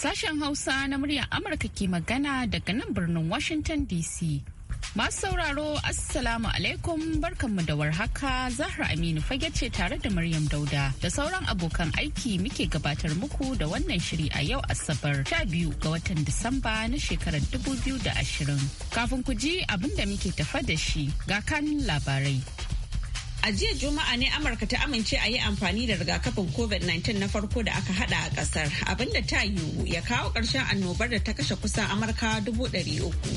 Sashen Hausa na muryar Amurka ke magana daga nan birnin Washington DC. Masu sauraro Assalamu alaikum barkanmu da warhaka Zahra Aminu fage ce tare da Maryam Dauda da sauran abokan aiki muke gabatar muku da wannan shiri a yau Asabar 12 ga watan Disamba na shekarar 2020. Kafin ku ji abin da muke tafa da shi ga kanin labarai. A jiya Juma'a ne Amurka ta amince a yi amfani da rigakafin COVID-19 na farko da aka hada a kasar abinda ta yiwu ya kawo ƙarshen annobar da ta kashe kusan Amurka dubu ɗari uku.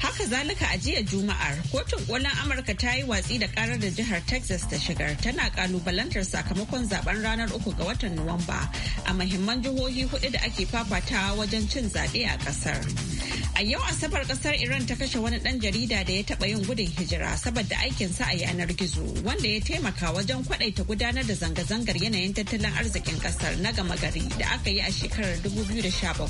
Haka zalika a jiya Juma'ar, kotun kolin Amurka ta yi watsi da karar da jihar Texas ta shigar tana ƙalubalantar sakamakon zaben ranar uku ga watan Nuwamba a mahimman jihohi hudu da ake fafatawa wajen cin zaɓe a ƙasar. A yau Asabar kasar Iran ta kashe wani ɗan jarida da ya taɓa yin gudun hijira saboda aikinsa a yanar gizo wanda ya taimaka wajen kwaɗaita gudanar da zanga-zangar yanayin tattalin arzikin ƙasar na gama gari da aka yi a shekarar 2017.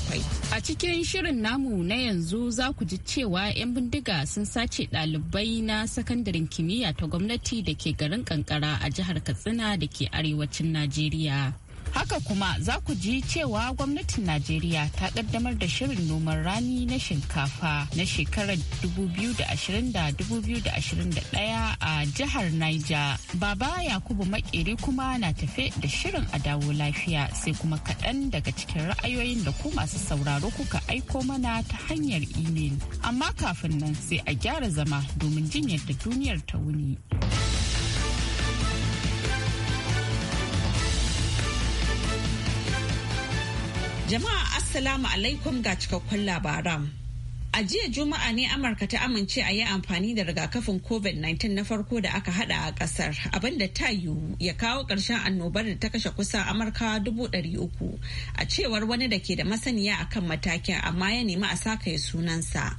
A cikin shirin namu na yanzu za ku ji cewa 'yan bindiga sun sace ɗalibai na sakandaren kimiyya ta gwamnati da ke garin kankara a jihar Katsina da ke arewacin Najeriya. Haka kuma za ku ji cewa gwamnatin Najeriya ta kaddamar da shirin noman rani na shinkafa na shekarar 2020-2021 a jihar Niger. Baba Yakubu Makeri kuma na tafe da shirin a dawo lafiya sai kuma kaɗan daga cikin ra'ayoyin da ku masu sauraro kuka aiko mana ta hanyar imel. Amma kafin nan sai a gyara zama domin jinyar da duniyar ta wuni. Jama'a Assalamu alaikum ga cikakkun labaran. A jiya Juma'a ne Amurka ta amince a yi amfani da rigakafin COVID-19 na farko da aka hada a kasar abinda ta yiwu ya kawo ƙarshen annobar da ta kashe kusan Amurka uku, a cewar wani da ke da masaniya akan matakin amma ya nemi a saka sunansa.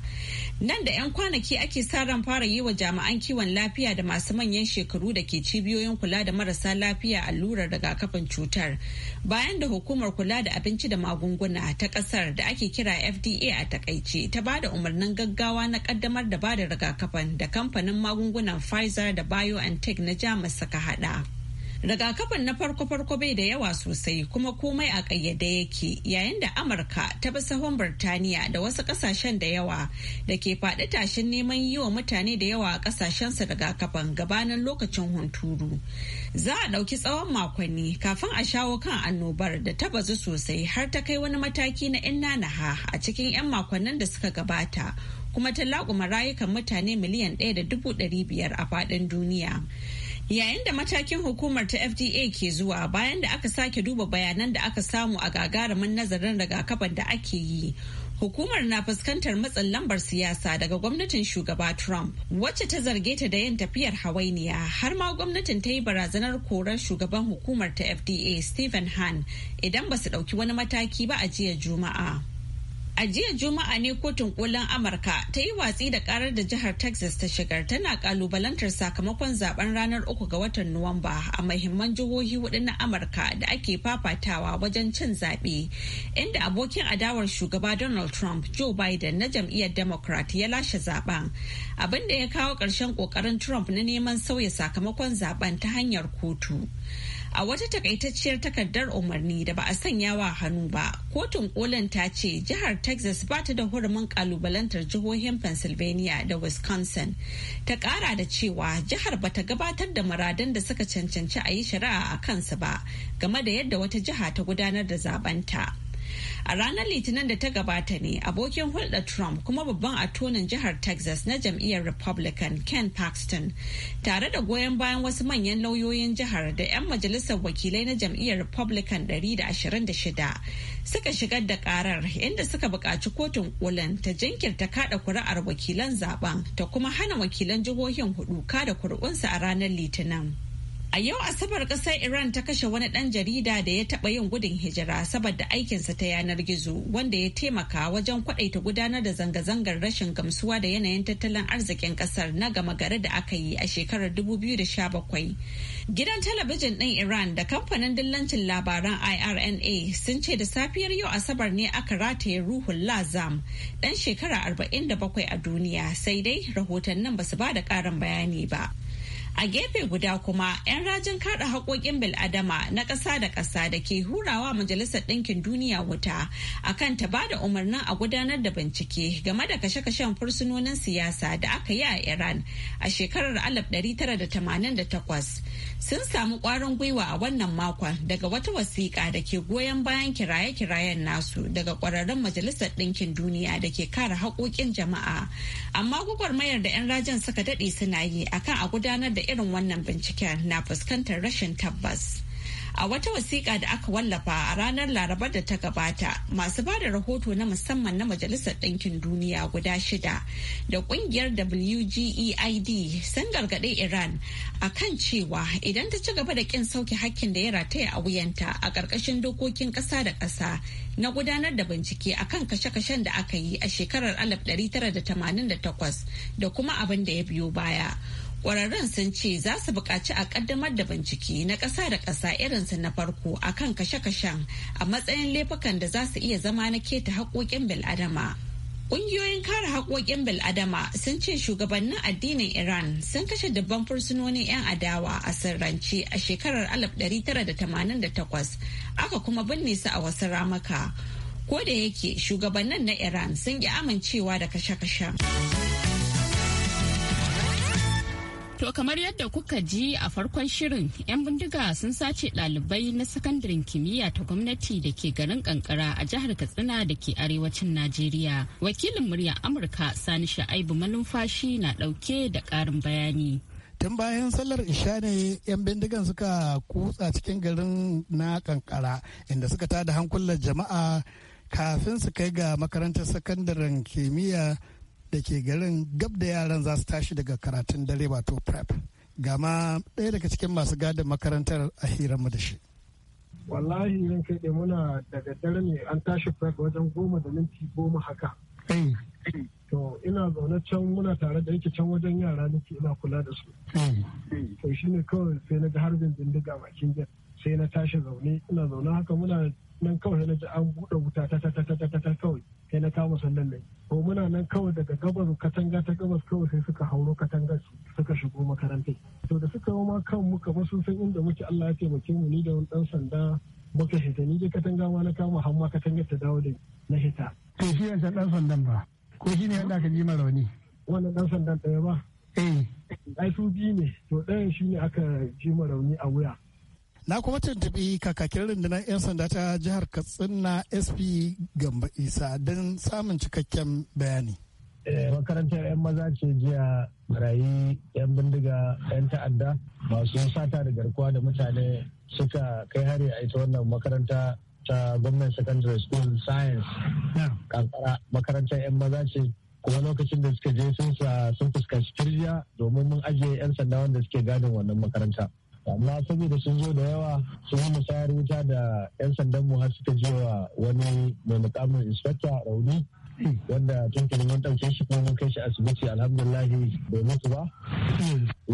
Nan da 'yan kwanaki ake sa ran fara yi wa jami'an kiwon lafiya da masu manyan shekaru da ke cibiyoyin kula da marasa lafiya allurar rigakafin cutar. Bayan da hukumar kula da abinci da magunguna ta kasar da ake kira FDA a takaice ta ba da umarnin gaggawa na kaddamar da ba da rigakafin da kamfanin magungunan Pfizer da BioNTech na Jamus suka hada. rigakafin na farko-farko bai da yawa sosai kuma komai a ƙayyade yake yayin da amurka ta bi sahun birtaniya da wasu kasashen da yawa da ke faɗi tashin neman yi wa mutane da yawa a ƙasashensu rigakafin gabanin lokacin hunturu za a ɗauki tsawon makonni kafin a shawo kan annobar da ta bazu sosai har ta kai wani mataki na 'yan a cikin 'yan makonnin da suka gabata kuma ta laƙuma rayukan mutane miliyan ɗaya da dubu ɗari biyar a faɗin duniya. Yayin da matakin hukumar ta FDA ke zuwa bayan da aka sake duba bayanan da aka samu a gagarumin nazarin rigakafin da ake yi. Hukumar na fuskantar matsin lambar siyasa daga gwamnatin shugaba Trump, wacce ta zarge ta da yin tafiyar hawainiya har ma gwamnatin ta yi barazanar korar shugaban hukumar ta FDA Stephen Hahn idan ba su ɗauki wani mataki ba a jiya Juma'a. A jiya Juma'a ne kotun kolin Amurka ta yi watsi da karar da jihar Texas ta shigar tana kalubalantar sakamakon zaben ranar uku ga watan Nuwamba a mahimman jihohi hudu na Amurka da ake fafatawa wajen cin zaɓe, inda abokin adawar shugaba Donald Trump Joe Biden na jam'iyyar Democrat ya lashe zaben. Abin da ya kawo ƙarshen ƙoƙarin Trump na neman sauya sakamakon zaben ta hanyar kotu. a wata takaitacciyar takardar umarni da ba a sanya wa hannu ba kotun kolin ta ce jihar texas ba ta da hurumin kalubalantar jihohin pennsylvania da wisconsin ta kara da cewa jihar ba ta gabatar da muradan da suka cancanci a yi shari'a a kansu ba game da yadda wata jiha ta gudanar da zabanta A ranar Litinin da ta gabata ne abokin hulɗa Trump kuma babban atonin jihar Texas na jam'iyyar Republican Ken Paxton tare da goyon bayan wasu manyan lauyoyin jihar da 'yan majalisar wakilai na jam'iyyar Republican 126 suka shigar da karar inda suka buƙaci kotun kolin ta jinkirta kada kuri'ar wakilan zaben ta kuma hana wakilan jihohin hudu kada kuri'unsu a ranar Litinin. A yau Asabar ƙasar Iran ta kashe wani ɗan jarida da ya taɓa yin gudun hijira saboda aikinsa ta yanar gizo wanda ya taimaka wajen kwaɗaita gudanar da zanga-zangar rashin gamsuwa da yanayin tattalin arzikin ƙasar na gama gari da aka yi a shekarar 2017. Gidan talabijin ɗin Iran da kamfanin dillancin labaran IRNA sun ce da safiyar yau Asabar ne aka rataye ruhun Lazam ɗan shekara 47 a duniya sai dai rahotannin ba su ba da ƙarin bayani ba. A gefe guda kuma, 'yan rajin kada haƙoƙin bil'adama na ƙasa da ƙasa da ke hurawa Majalisar Ɗinkin Duniya wuta akan ta bada umarnin a gudanar da bincike game da kashe-kashen fursunonin siyasa da aka yi a Iran a shekarar 1988. sun samu kwarin gwiwa a wannan makon daga wata wasiƙa da ke goyon bayan kiraye-kirayen nasu daga ƙwararrun majalisar ɗinkin duniya da ke kare haƙoƙin jama'a amma gwagwarmayar da 'yan rajin suka daɗe suna yi akan a gudanar da irin wannan binciken na fuskantar rashin tabbas. A wata wasiƙa da aka wallafa a ranar Laraba da ta gabata, masu ba da rahoto na musamman na Majalisar Ɗinkin Duniya guda shida da ƙungiyar WGEID sun gargaɗe Iran a kan cewa idan ta ci gaba da ƙin sauke hakkin da ya rataya a wuyanta a ƙarƙashin dokokin ƙasa da ƙasa na gudanar da bincike a kan kashe-kashen da aka yi a shekarar 1988 da kuma abin da ya biyo baya. Ƙwararrun sun ce za su buƙaci a ƙaddamar da bincike na ƙasa da ƙasa irinsu na farko a kan kashe-kashen a matsayin laifukan da za su iya zama na keta haƙoƙin bil'adama. Ƙungiyoyin kare haƙoƙin bil'adama sun ce shugabannin addinin Iran sun kashe dubban fursunonin 'yan adawa a sirrance a shekarar 1988 aka kuma binne su a wasu ramuka. Ko da yake shugabannin na Iran sun yi amincewa da kashe-kashen. To kamar yadda kuka ji a farkon shirin 'yan bindiga sun sace ɗalibai na sakandaren kimiyya ta gwamnati da ke garin kankara a jihar Katsina da ke arewacin Najeriya. Wakilin muryar Amurka Sani Sha'aibu Malumfashi na ɗauke da ƙarin bayani. Tun bayan sallar isha ne 'yan bindigan suka kutsa cikin garin na kankara inda suka tada hankulan jama'a kafin su kai ga makarantar sakandaren kimiyya da ke garin gab da yaran za su tashi daga karatun dare wato prep gama ɗaya daga cikin masu gadin makarantar a hiranmu da shi wallahi yin kaɗe muna daga dare ne an tashi prep wajen goma da minti goma haka eh. to ina zaune can muna tare da yake can wajen yara nake ina kula da su eh. to shine kawai sai na ga harbin bindiga bakin gate sai na tashi zaune ina zaune haka muna nan kawai na ji an buɗe wuta ta ta ta ta ta kawai sai na kama sandan nan to muna nan kawai daga gabas katanga ta gabas kawai sai suka hauro katangar suka shigo makarantai to da suka yi ma kan muka sun san inda muke Allah ya taimake mu ni da wani dan sanda muka shiga ni dai katanga ma na kama har ma katangar ta dawo da na hita to shi ya dan sandan ba ko shi ne wanda aka ji ma rauni wannan dan sandan ɗaya ba eh ai su biyu ne to ɗayan shi ne aka ji ma rauni a wuya na kuma tuntuɓi kakakin rundunar 'yan sanda ta jihar katsina sp gamba isa don samun cikakken bayani eh, makarantar 'yan maza ce jiya rayu 'yan bindiga 'yan ta'adda masu sata da garkuwa da mutane suka kai hari a ita wannan makaranta ta gwamnan secondary school science kankara makarantar 'yan maza ce kuma lokacin da suka je sun fuskanci kirjiya domin mun ajiye 'yan sanda wanda suke gadin wannan makaranta amma saboda sun zo da yawa sun yi musayar wuta da 'yan sandan mu har suka je wa wani mai mukamin inspector rauni wanda tun mun ɗauke shi kuma mun kai shi asibiti alhamdullahi bai mutu ba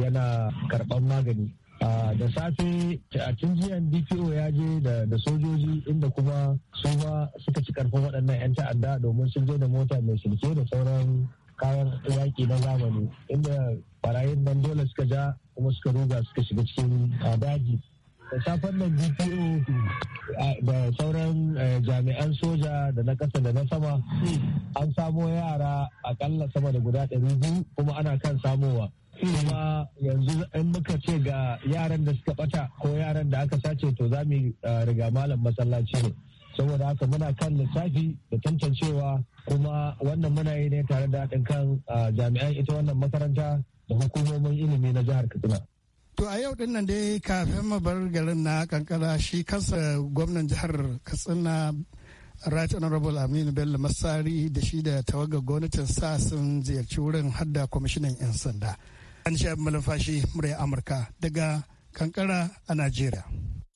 yana karɓar magani da safe a tun jiya dpo ya je da sojoji inda kuma su ma suka ci karfin waɗannan 'yan ta'adda domin sun je da mota mai silke da sauran kayan yaki na zamani inda barayin nan dole suka ja kuma suka ruga suka shiga cikin ah, daji da safen nan B.P.O ah, da sauran eh, jami'an soja da na kasa da na sama an samo yara akalla sama da guda ɗari biyu kuma ana kan samowa kuma yanzu in muka ce ga yaran da suka ɓata ko yaran da aka sace to za mu ah, riga malam masallaci ne saboda haka muna kan lissafi da tantancewa kuma wannan muna yi ne tare da haɗin kan jami'an ita wannan makaranta da hukumomin ilimi na jihar katsina To a yau din nan dai kafin mabar garin na kankara shi kansa gwamnan jihar Katsina Right Honorable Aminu Bello Masari da shi da tawagar gwamnatin sa sun ziyarci wurin hadda kwamishinan 'yan sanda. An sha malafashi murai Amurka daga kankara a Najeriya.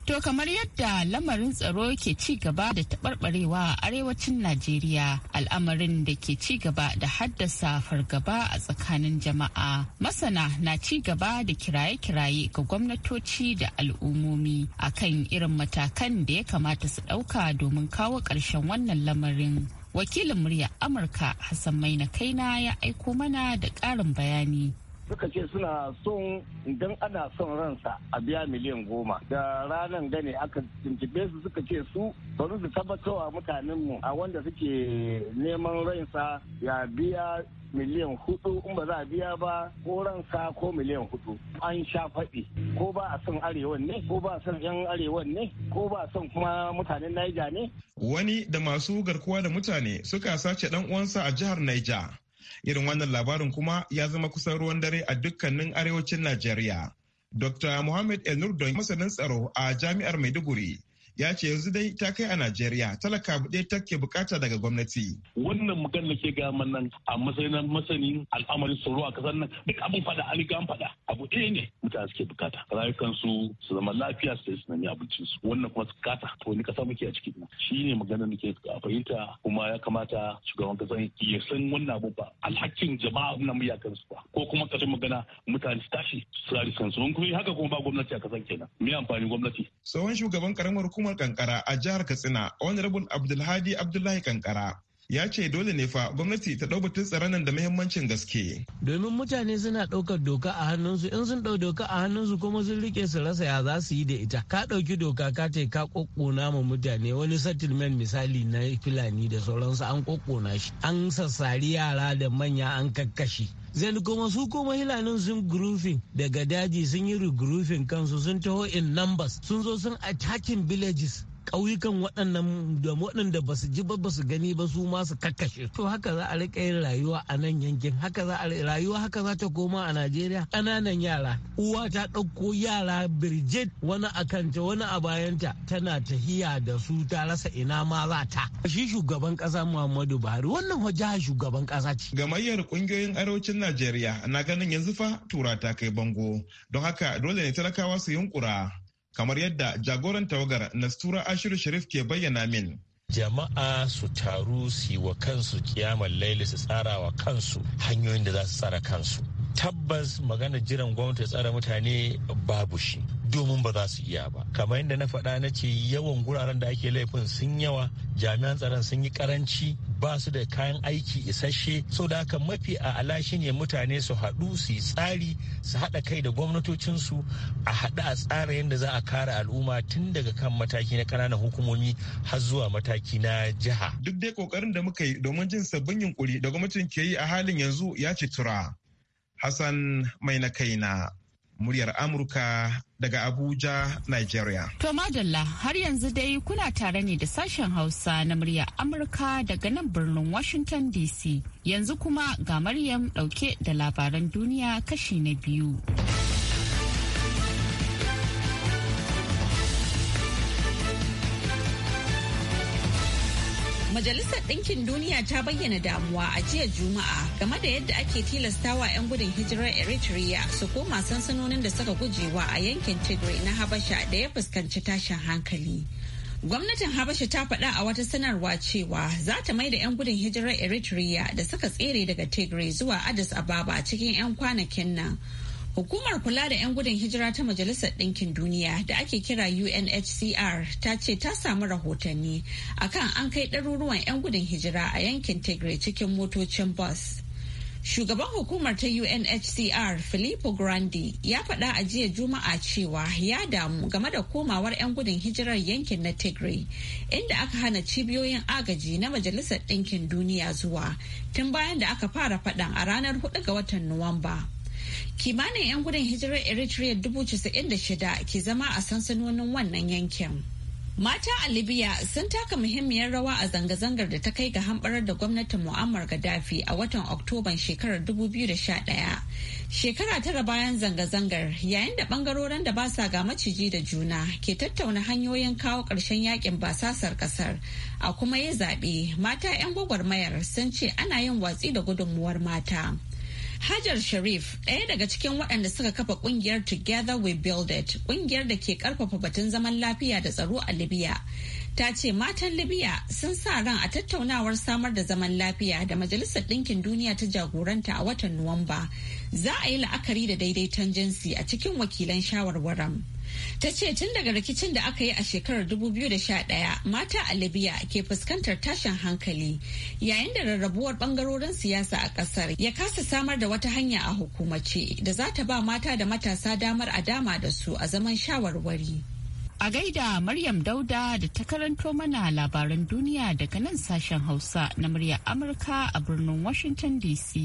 To kamar yadda lamarin tsaro ke ci gaba da taɓarɓarewa a arewacin Najeriya al'amarin da ke ci gaba da haddasa fargaba a tsakanin jama'a. Masana na ci gaba da kiraye-kiraye ga gwamnatoci da al'ummomi akan irin matakan da ya kamata su ɗauka domin kawo ƙarshen wannan lamarin. Wakilin murya Amurka Hassan Maina Kaina ya aiko mana da ƙarin bayani suka ce suna son idan ana son ransa a biya miliyan goma da ranan gane aka tuntube su suka ce su bari su tabbatarwa mutanenmu a wanda suke neman ransa ya biya miliyan hudu in ba za a biya ba ko ransa ko miliyan hudu an sha faɗi ko ba a son arewan ne ko ba a son yan arewan ne ko ba a son kuma mutanen naija ne wani da masu garkuwa da mutane suka sace dan uwansa a jihar naija Irin wannan labarin kuma ya zama kusan ruwan dare a dukkanin arewacin Najeriya. Dr. Muhammad El Nurdon masanin tsaro a Jami'ar Maiduguri ya ce yanzu dai ta kai a Najeriya talaka buɗe take bukata daga gwamnati. Wannan magana ke ga nan a matsayin masanin al'amarin tsaro a kasar nan duk abin fada an riga fada abu ɗaya ne mutane suke bukata rayukansu su zama lafiya su su nemi abincin su wannan kuma su kata to wani kasa muke a ciki shi ne maganar muke a fahimta kuma ya kamata shugaban kasa ya san wannan abu ba alhakin jama'a na mu yakan su ba ko kuma kashin magana mutane su tashi su rari kansu kuma haka kuma ba gwamnati a kasar kenan me amfani gwamnati. Tsohon shugaban karamar hukumar hukumar kankara a jihar katsina honorable abdulhadi abdullahi kankara ya ce dole ne fa gwamnati ta ɗau batun tsaranan da muhimmancin gaske. Domin mutane suna ɗaukar doka a hannunsu in sun ɗau doka a hannunsu kuma sun rike su rasa ya za su yi da ita. Ka ɗauki doka ka ce ka ƙoƙƙona ma mutane wani settlement misali na Fulani da sauransu an ƙoƙƙona shi. An sassari yara da manya an kakkashi. zai kuma su kuma hilanin sun grouping daga daji sun yi regrouping kansu sun taho in numbers sun zo sun attacking villages ƙauyukan waɗannan da waɗanda ba su ji ba su gani ba su ma su kakkashe to haka za a rika yin rayuwa a nan yankin haka za a rayuwa haka za ta koma a najeriya ƙananan yara uwa ta ɗauko yara birjit wani a kanta wani a bayanta tana tahiya da su ta rasa ina ma za ta shi shugaban ƙasa muhammadu buhari wannan a shugaban ƙasa ce gamayyar ƙungiyoyin arewacin najeriya na ganin yanzu fa tura ta kai bango don haka dole ne talakawa su yunkura kamar yadda jagoran tawagar nastura ashiru sharif ke bayyana min jama'a su taru su wa kansu kiyamar laili su tsara wa kansu hanyoyin da za su tsara kansu tabbas magana jiran gwamnati tsara mutane babu shi domin ba za su iya ba kamar yadda na faɗa na ce yawan guraren da ake laifin sun yawa jami'an tsaron sun yi karanci ba su da kayan aiki isasshe so da haka mafi a ala shine mutane su haɗu su yi tsari su haɗa kai da gwamnatocinsu a haɗu a tsara yadda za a kare al'umma tun daga kan mataki na ƙananan hukumomi har zuwa mataki na jiha. Duk dai ƙoƙarin da muka yi domin jin sabbin yunkuri da gwamnatin ke yi a halin yanzu ya ci tura. Hassan mai na kaina muryar Amurka daga Abuja, Nigeria. To Madalla, har yanzu dai kuna tare ne da sashen Hausa na muryar Amurka daga nan birnin Washington DC. Yanzu kuma ga Maryam dauke da labaran duniya kashi na biyu. Majalisar Ɗinkin Duniya ta bayyana damuwa a jiya Juma'a game da yadda ake tilastawa 'yan gudun hijirar Eritrea su koma sansanonin da suka gujewa a yankin Tigray na Habasha da ya fuskanci tashin hankali. Gwamnatin Habasha ta faɗa a wata sanarwa cewa za ta mai da 'yan gudun hijirar Eritrea da suka tsere daga Tigray zuwa Addis Ababa cikin 'yan kwanakin nan. Hukumar kula da 'yan gudun hijira ta Majalisar Ɗinkin Duniya da ake kira UNHCR ta ce ta samu rahotanni akan an kai ɗaruruwan 'yan gudun hijira a yankin Tigray cikin motocin bus. Shugaban hukumar ta UNHCR Filippo Grandi ya faɗa a jiya Juma'a cewa ya damu game da komawar 'yan gudun hijirar yankin na Tigray inda aka hana cibiyoyin agaji na Majalisar Ɗinkin Duniya zuwa tun bayan da aka fara faɗan a ranar 4 ga watan Nuwamba. kimanin 'yan gudun hijirar eritrea shida ke zama a sansanonin wannan yankin mata a libya sun taka muhimmiyar rawa a zanga-zangar da ta kai ga hamɓarar da gwamnatin mu'ammar gaddafi a watan oktoban shekarar 2011 shekara tara bayan zanga-zangar yayin da ɓangarorin da ba sa ga maciji da juna ke tattauna hanyoyin kawo ƙarshen yakin basasar ƙasar a kuma ya zaɓe mata 'yan gwagwarmayar sun ce ana yin watsi da gudunmuwar mata. Hajar Sharif, ɗaya daga cikin waɗanda suka kafa ƙungiyar Together We Build It, ƙungiyar da ke ƙarfafa batun zaman lafiya da tsaro a Libya. Ta ce matan Libya sun sa ran a tattaunawar samar da zaman lafiya da Majalisar Ɗinkin Duniya ta jagoranta a watan Nuwamba. Za a yi la'akari da daidaiton jinsi a cikin wakilan shawarwaran. ta ce tun daga rikicin da aka yi a shekarar 2011 mata a libya ke fuskantar tashin hankali yayin da rarrabuwar bangarorin siyasa a kasar ya kasa samar da wata hanya a hukumace da za ta ba mata da matasa damar a dama da su a zaman shawarwari a gaida maryam dauda da ta karanto mana labaran duniya daga nan sashen hausa na murya amurka a birnin washington dc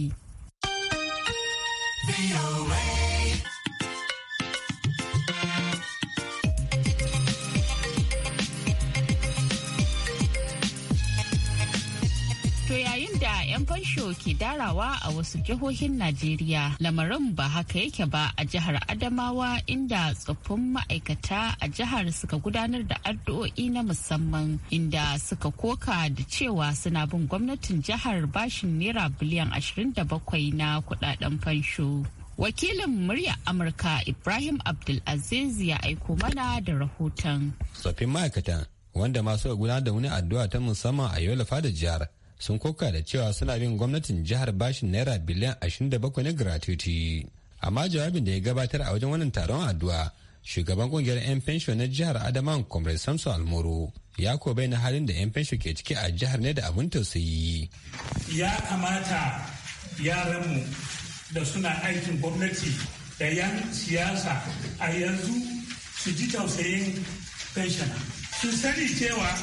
'yan fansho ke darawa a wasu jihohin Najeriya. Lamarin ba haka yake ba a jihar Adamawa inda tsoffin ma'aikata a jihar suka gudanar da addu'o'i na musamman inda suka koka da cewa suna bin gwamnatin jihar bashin naira biliyan 27 na kudaden fansho. Wakilin murya Amurka Ibrahim Abdulaziz ya aiko mana da rahoton. Tsoffin ma'aikata wanda masu gudanar da wani addu'a ta musamman a yau Fada jihar sun koka da cewa suna bin gwamnatin jihar bashin naira biliyan 27 na gratuity amma jawabin da ya gabatar a wajen wannan taron addu'a shugaban kungiyar 'yan fensho na jihar adama comrade samson almoro ya ko na halin da 'yan fensho ke ciki a jihar ne da abin tausayi ya kamata yaranmu da suna aikin gwamnati da yan siyasa a yanzu su ji tausayin fenshona su sani cewa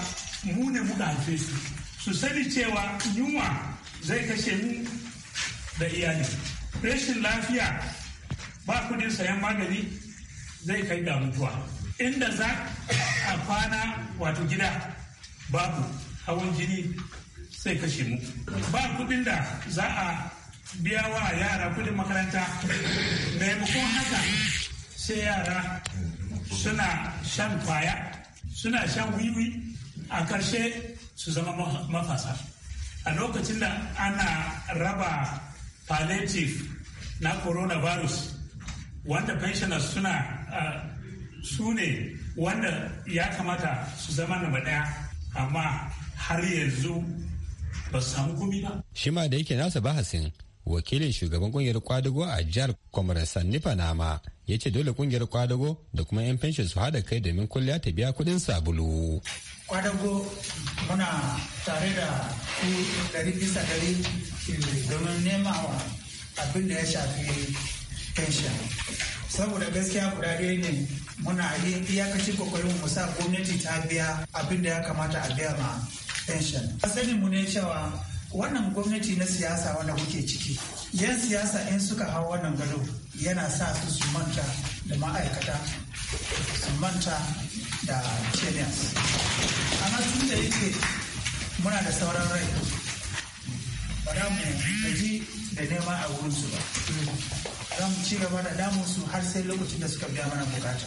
mu ne muka haife su su sani cewa yunwa zai kashe mu da iyali rashin lafiya ba kudin sayan magani zai kai ga mutuwa inda za a kwana wato gida babu hawan jini sai kashe mu ba kudin da za a biya wa yara kudin makaranta maimakon haka sai yara suna shan kwaya suna shan wiwi a ƙarshe su zama mafasa a lokacin da ana raba palliative na coronavirus wanda pensioners suna su ne wanda ya kamata su zama na daya amma har yanzu ba samu kumi ba. Shima da yake nasa ba hasin wakilin shugaban kungiyar kwadago a jihar kwamar sannifa nama ya ce dole kungiyar kwadago da kuma yan fenshin su hada kai domin kulliya ta biya kudin sabulu kwadago muna tare da ku dari bisa dari eh, domin nema wa abin da ya shafi fenshin saboda gaskiya guda dai ne muna yi iyakaci kokarin mu sa gwamnati ta biya abin da ya kamata a biya ma fenshin asalin mu ne cewa wannan gwamnati na siyasa wanda kuke ciki yan siyasa in suka hau wannan gado yana sa su su manta da ma'aikata su manta da kenyans amma tun da yake muna da sauran rai ba za mu gaji da nema a wurinsu ba za mu ci gaba da su har sai lokacin da suka biya mana bukata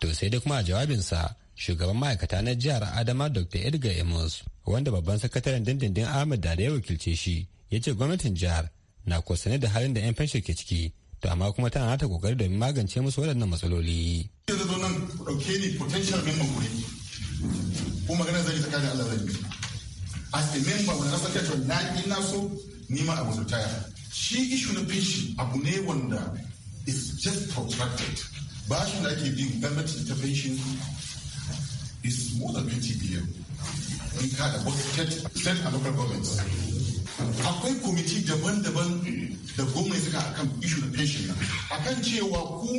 to sai duk kuma a jawabinsa shugaban ma'aikata na jihar adama dr edgar amos wanda babban sakataren dindindin ahmed da ya wakilce shi ya ce gwamnatin jihar na kusane da halin da 'yan fansho ke ciki to amma kuma tana ta kokari domin magance musu waɗannan matsaloli. Yanzu nan ni member Ko magana zai Allah yi. As a member wani asakacin na yi na so ni ma taya. Shi ishu na fishi abu ne wanda is just protracted. shi da ake bi gwamnati ta pension is more than 20 billion We had about 10 and local governments akwai kwamiti daban-daban da gwamnati suka akan ishu da pension na kan cewa ku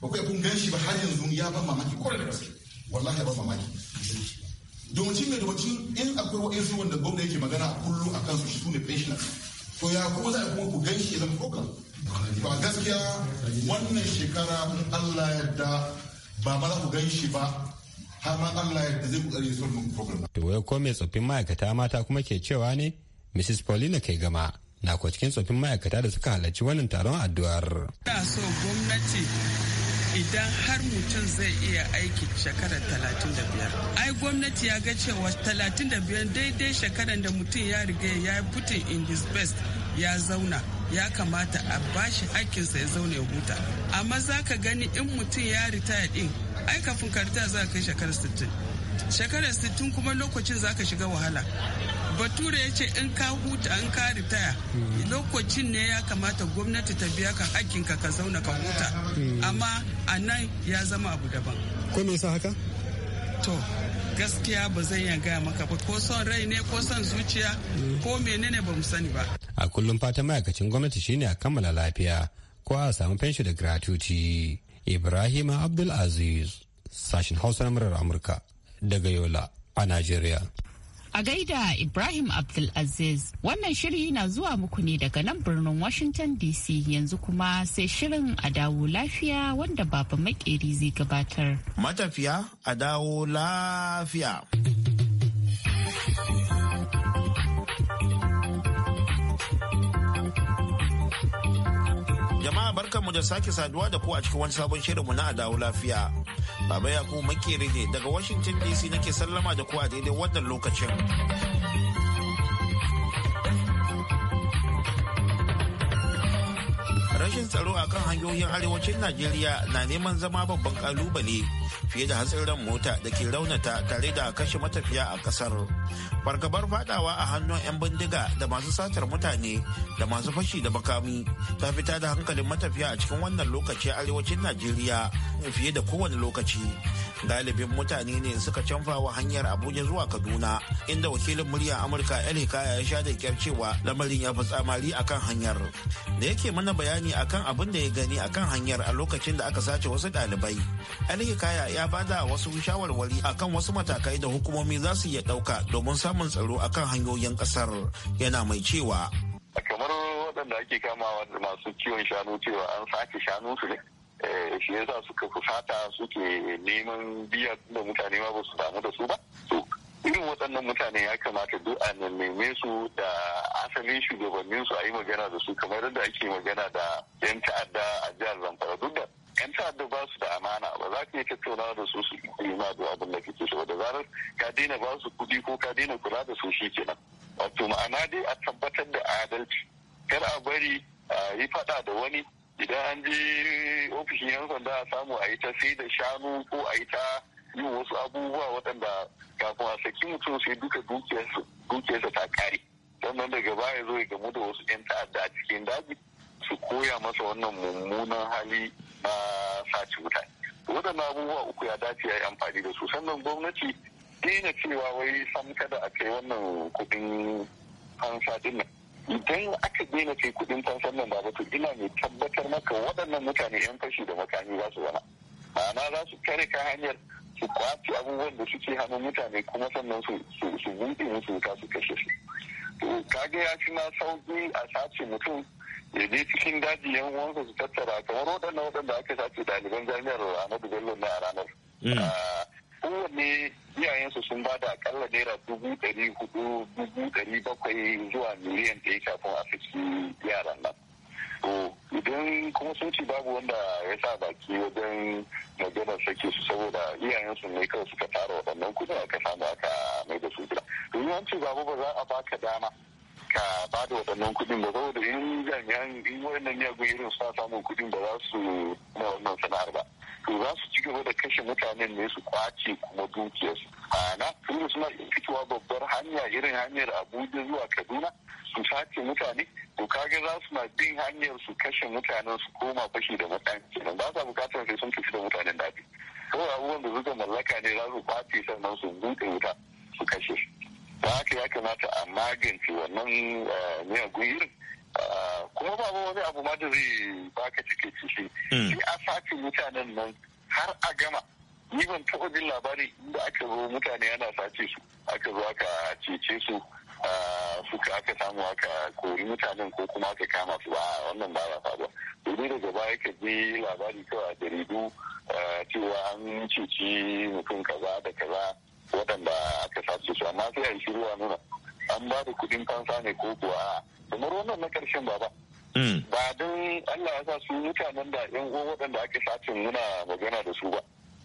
bakwai kun gan shi ba har yanzu ya ba mamaki kwarai da gaske wallahi ya ba mamaki domin mai domin in akwai wa'insu wanda gwamna yake magana a kullum a kansu shi su ne pensioners to ya kuma za a kuma ku gan shi ya zama kokan to a gaskiya wannan shekara in allah ya da ba ma za ku gan shi ba har ma Allah ya zai kokari sun mun problem to wai ko me tsoffin ma'aikata mata kuma ke cewa ne Mrs Paulina kai gama na ko cikin tsoffin ma'aikata da suka halarci wannan taron addu'ar ina so gwamnati idan har mutum zai iya aiki shekara talatin da biyar ai gwamnati ya ga cewa talatin da biyar daidai shekaran da mutum ya riga ya putin in his best ya zauna ya kamata a bashi hakkinsa ya zauna ya huta amma za ka gani in mutum ya ritaya din ai kafin ka rita za kai shekara 60 shekara 60 kuma lokacin za ka shiga wahala bature ya ce in ka huta in ka ritaya mm. lokacin ne ya kamata gwamnati ta biya ka hakinka ka zauna ka huta mm. amma a nan ya zama abu daban ko me yasa haka to gaskiya ba zan iya gaya maka ba ko son rai ne ko son zuciya mm. ko menene ba mu sani ba a kullum fatan ma'aikacin gwamnati shine a kammala lafiya ko a samu fenshi da gratuity Ibrahim Abdulaziz, sashen Hausa na murar Amurka daga Yola a Najeriya. A gaida Ibrahim Abdulaziz, wannan shiri na zuwa muku ne daga nan birnin Washington DC yanzu kuma sai shirin a dawo lafiya wanda baba makeri zai gabatar. Matafiya a dawo lafiya. da sake saduwa da ku a cikin wani sabon shirinmu na adawo lafiya. Baba Yakubu makere ne daga Washington DC nake sallama da ku a daidai wannan lokacin. Rashin tsaro a kan hanyoyin arewacin Najeriya na neman zama babban kalubale fiye da hatsarin mota da ke raunata tare da kashe matafiya a kasar fargabar fadawa a hannun 'yan bindiga da masu satar mutane da masu fashi da makami ta fita da hankalin matafiya a cikin wannan lokaci arewacin najeriya fiye da kowane lokaci galibin mutane ne suka canfa wa hanyar abuja zuwa kaduna inda wakilin murya amurka el ya sha da kyar cewa lamarin ya fi tsamari akan hanyar da yake mana bayani akan abin da ya gani akan hanyar a lokacin da aka sace wasu ɗalibai el hikaya ya bada wasu shawarwari akan wasu matakai da hukumomi za su iya ɗauka domin samun tsaro akan hanyoyin ƙasar yana mai cewa kamar waɗanda ake kamawa masu ciwon shanu cewa an sake shanu su ne Eh, shi yasa suka fusata suke neman biya da mutane ma ba su damu da su ba to irin waɗannan mutane ya kamata duk a neme su da asalin shugabannin su a yi magana da su kamar yadda ake magana da yan ta'adda a jihar zamfara duk da yan ta'adda ba su da amana ba za ka iya tattaunawa da su su yi ma da abin da kake so da zarar ka daina ba su kuɗi ko ka daina kula da su shi kenan wato ma'ana dai a tabbatar da adalci kar a bari a yi faɗa da wani idan an je ofishin yan sanda a samu a yi ta sai da shanu ko a yi ta yin wasu abubuwa waɗanda kafin a saki mutum sai duka dukiyarsa ta kare sannan daga baya zo ya gamu da wasu 'yan ta'adda a cikin daji su koya masa wannan mummunan hali na sace mutane waɗanda abubuwa uku ya dace ya yi amfani da su sannan gwamnati daina cewa wai sam kada a kai wannan kuɗin fansa ɗin nan idan aka daina kai kuɗin fansa nan ba to ina mai ka waɗannan mutane yan fashi da makami za su zama ma'ana za su kare ka hanyar su kwaci abubuwan da suke hannun mutane kuma sannan su su buɗe musu wuta su kashe su to kaga ya fi na sauki a sace mutum ya je cikin daji yan uwansa su tattara kamar waɗannan waɗanda aka sace ɗaliban jami'ar Ahmadu Bello na a ranar mm. ah, kowanne iyayensu sun ba da akalla naira dubu ɗari hudu dubu ɗari bakwai zuwa miliyan ɗaya kafin a saki yaran nan to idan kuma sun ci babu wanda ya sa baki wajen maganar sake su saboda iyayensu ne kawai suka tara waɗannan kudin aka samu aka mai da su gida to yawanci babu ba za a baka dama ka ba da waɗannan kuɗin ba saboda in jami'an in waɗannan miyagun irin suna samun kuɗin ba za su na wannan sana'ar ba to za su ci gaba da kashe mutanen ne su kwace kuma dukiyarsu ana na da suna fitowa babbar hanya irin hanyar abuja zuwa kaduna su sace mutane to kaga za su na bin hanyar su kashe mutanen su koma fashi da mutane kenan ba sa bukatar sai sun tafi da mutanen daji kawai abubuwan da suka mallaka ne za su kwace sannan su buɗe wuta su kashe ta haka ya kamata a magance wannan eh, miyagun yin. Eh, kuma ba wani abu ma da zai baka cike ciki hmm. sai a sati mutanen nan har a gama ni ban taɓa jin labari inda aka zo mutane ana sace su aka zo aka cece su eh, suka aka samu aka kori mutanen ko kuma aka kama su ba wannan ba ba faruwa domin daga baya ka je labari kawai a jaridu cewa an ceci mutum kaza da kaza waɗanda aka sace su amma sai a yi shiru a nuna an ba da kuɗin fansa ne ko kuwa kamar wannan na ƙarshen ba ba. Hmm. Ba don Allah ya sa su mutanen da ‘yan uwa waɗanda aka sace muna magana da su ba.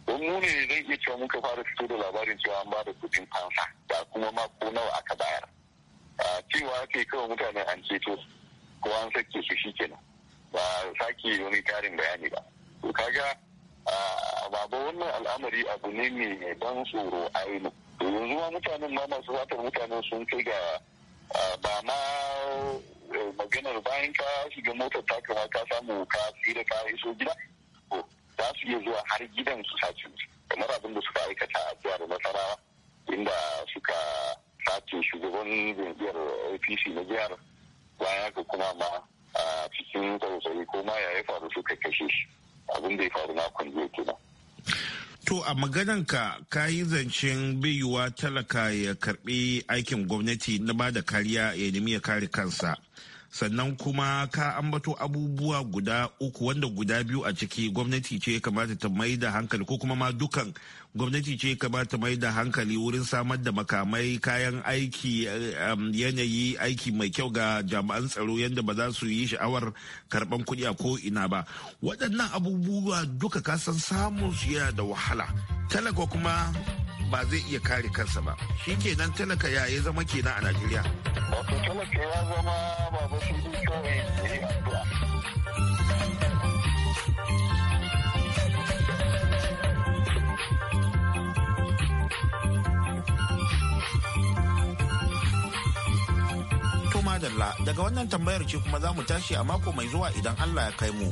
Don mu ne zai iya cewa muka fara fito da labarin cewa an ba da kuɗin fansa da kuma ma ko nawa aka bayar. A Cewa ake kawai mutane an ceto ko an sake su shi kenan. Ba sake wani karin bayani ba. To kaga Babu wannan al'amari abu ne mai ban tsoro ainu yanzu ma mutanen ma masu watan mutanen sun kai ga ba ma e, maganar bayan ka shiga motar ta ka samu ka da ka iso gida za su iya zuwa har gidan su sace kamar abin da suka aikata a jihar nasarawa inda suka sace shugaban jam'iyyar apc na jihar bayan haka kuma ma a cikin tsautsayi ko ma ya faru suka kashe shi abin da ya faru makon jiya kenan. To a maganan ka ka yi zancen biyuwa talaka ya karbi aikin gwamnati na ba da kariya ya nemi ya kare kansa. sannan kuma ka ambato abubuwa guda uku wanda guda biyu a ciki gwamnati ce kamata ta mai da hankali ko kuma ma dukan gwamnati ce kamata mai da hankali wurin samar da makamai kayan aiki um, yanayi aiki mai kyau ga jami'an tsaro yadda ba za su yi sha'awar karban kuɗi a ko'ina ba waɗannan abubuwa duka kasan samun su yana da wahala talaka kuma ba zai iya kare kansa ba shi kenan talaka ya ya zama kenan a najeriya wato talaka ya zama ba ba su ne madalla daga wannan tambayar ce kuma za mu tashi a mako mai zuwa idan Allah ya kai mu.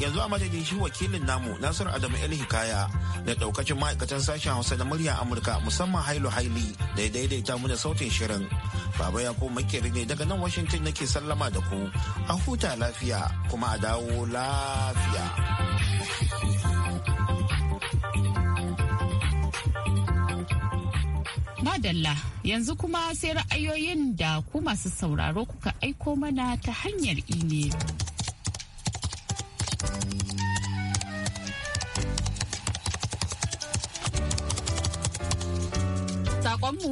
Yanzu a madadin shi wakilin namu Nasiru Adamu El Hikaya da ɗaukacin ma'aikatan sashen Hausa na murya Amurka musamman Hailu Haili da ya daidaita mu da sautin shirin. Baba ya makeri ne daga nan Washington nake sallama da ku. A huta lafiya kuma a dawo lafiya. Madalla yanzu kuma sai ra'ayoyin da ku masu sauraro kuka aiko mana ta hanyar imel.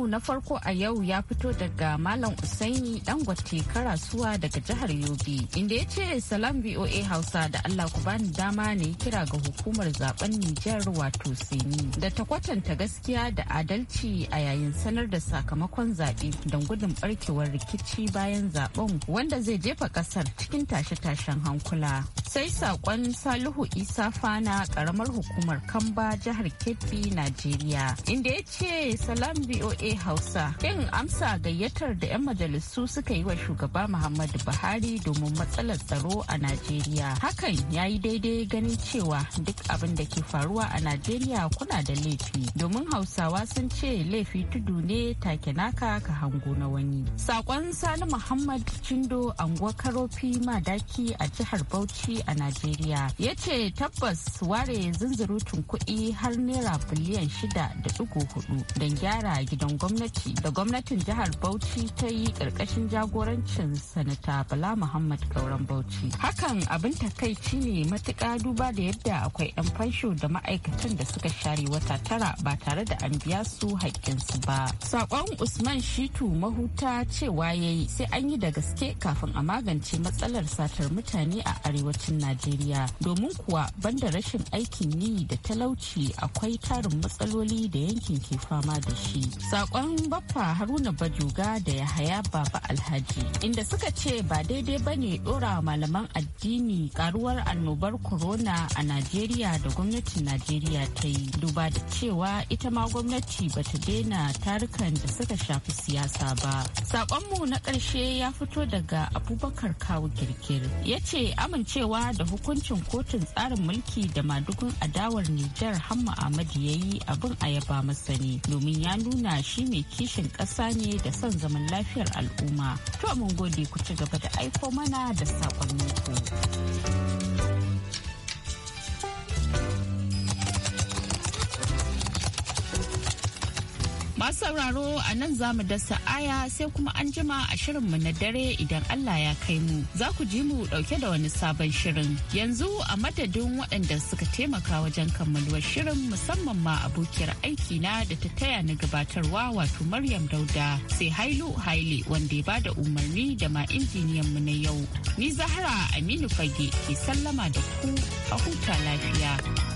na farko a yau ya fito daga Malam Usaini Dangote Karasuwa daga jihar Yobe inda ya ce salam VOA Hausa da Allah ku bani dama ne kira ga hukumar zaben Nijar wato Sini da ta kwatanta gaskiya da adalci a yayin sanar da sakamakon zaɓe don gudun barkewar rikici bayan zaben wanda zai jefa ƙasar cikin tashe-tashen hankula. Sai saƙon Salihu Isa Fana ƙaramar hukumar Kamba jihar Kebbi Najeriya inda ya ce salam BOA Hausa yin amsa gayyatar da 'yan majalisu suka yi wa shugaba Muhammadu Buhari domin matsalar tsaro a Najeriya. Hakan ya yi daidai ganin cewa duk abin da ke faruwa a Najeriya kuna da laifi. Domin Hausawa sun ce laifi tudu ne take naka ka hango na wani. Sakon Sani Muhammad Cindo Anguwa Karofi Madaki a jihar Bauchi a Najeriya ya ce tabbas ware zunzurutun kuɗi har naira biliyan shida da ɗigo hudu don gyara gidan gwamnati. gwamnati da gwamnatin jihar Bauchi ta yi ƙarƙashin jagorancin sanata Bala Muhammad Gauran Bauchi. Hakan abin takaici ne matuƙa duba da yadda akwai 'yan fansho da ma'aikatan da suka share wata tara ba tare da an biya su haƙƙinsu ba. Saƙon Usman Shitu mahuta cewa ya yi sai an yi da gaske kafin a magance matsalar satar mutane a arewacin Najeriya. Domin kuwa banda rashin aikin yi da talauci akwai tarin matsaloli da yankin ke fama da shi. sakon baffa haruna bajuga da yahaya baba alhaji inda suka ce ba daidai ba ne dora malaman addini karuwar annobar corona a najeriya da gwamnatin najeriya ta yi duba da cewa ita ma gwamnati ba ta daina tarukan da suka shafi siyasa ba sakonmu na ƙarshe ya fito daga abubakar kawu girgir ya ce amincewa da hukuncin kotun tsarin mulki da madugun adawar nijar hamma amadu ya yi abin a yaba masa domin ya nuna shi mai kishin ƙasa ne da son zaman lafiyar al'umma. To mun gode ku ci gaba da aiko mana da saƙonninku. Masu sauraro a nan za mu dasa aya sai kuma an jima a mu na dare idan Allah ya kai mu. Za ku ji mu dauke da wani sabon shirin. Yanzu a madadin waɗanda suka taimaka wajen kammaluwar shirin musamman ma abokiyar aikina da ta taya na gabatarwa wato Maryam Dauda sai Hailu Haile wanda ya bada umarni da ma injiniyan mu na yau. Ni Zahra Aminu Fage ke sallama da ku a huta lafiya.